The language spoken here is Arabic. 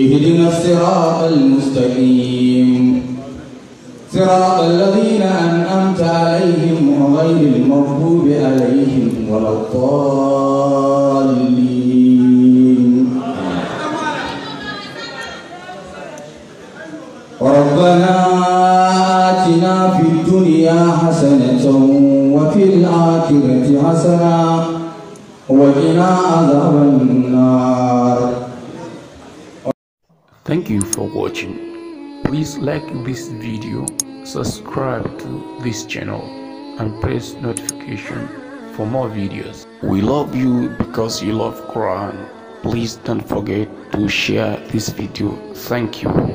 اهدنا الصراط المستقيم صراط الذين أنأمت عليهم غير المغضوب عليهم ولا الضالين ربنا آتنا في الدنيا حسنة وفي الآخرة حسنة وقنا عذاب Thank you for watching. Please like this video, subscribe to this channel and press notification for more videos. We love you because you love Quran. Please don't forget to share this video. Thank you.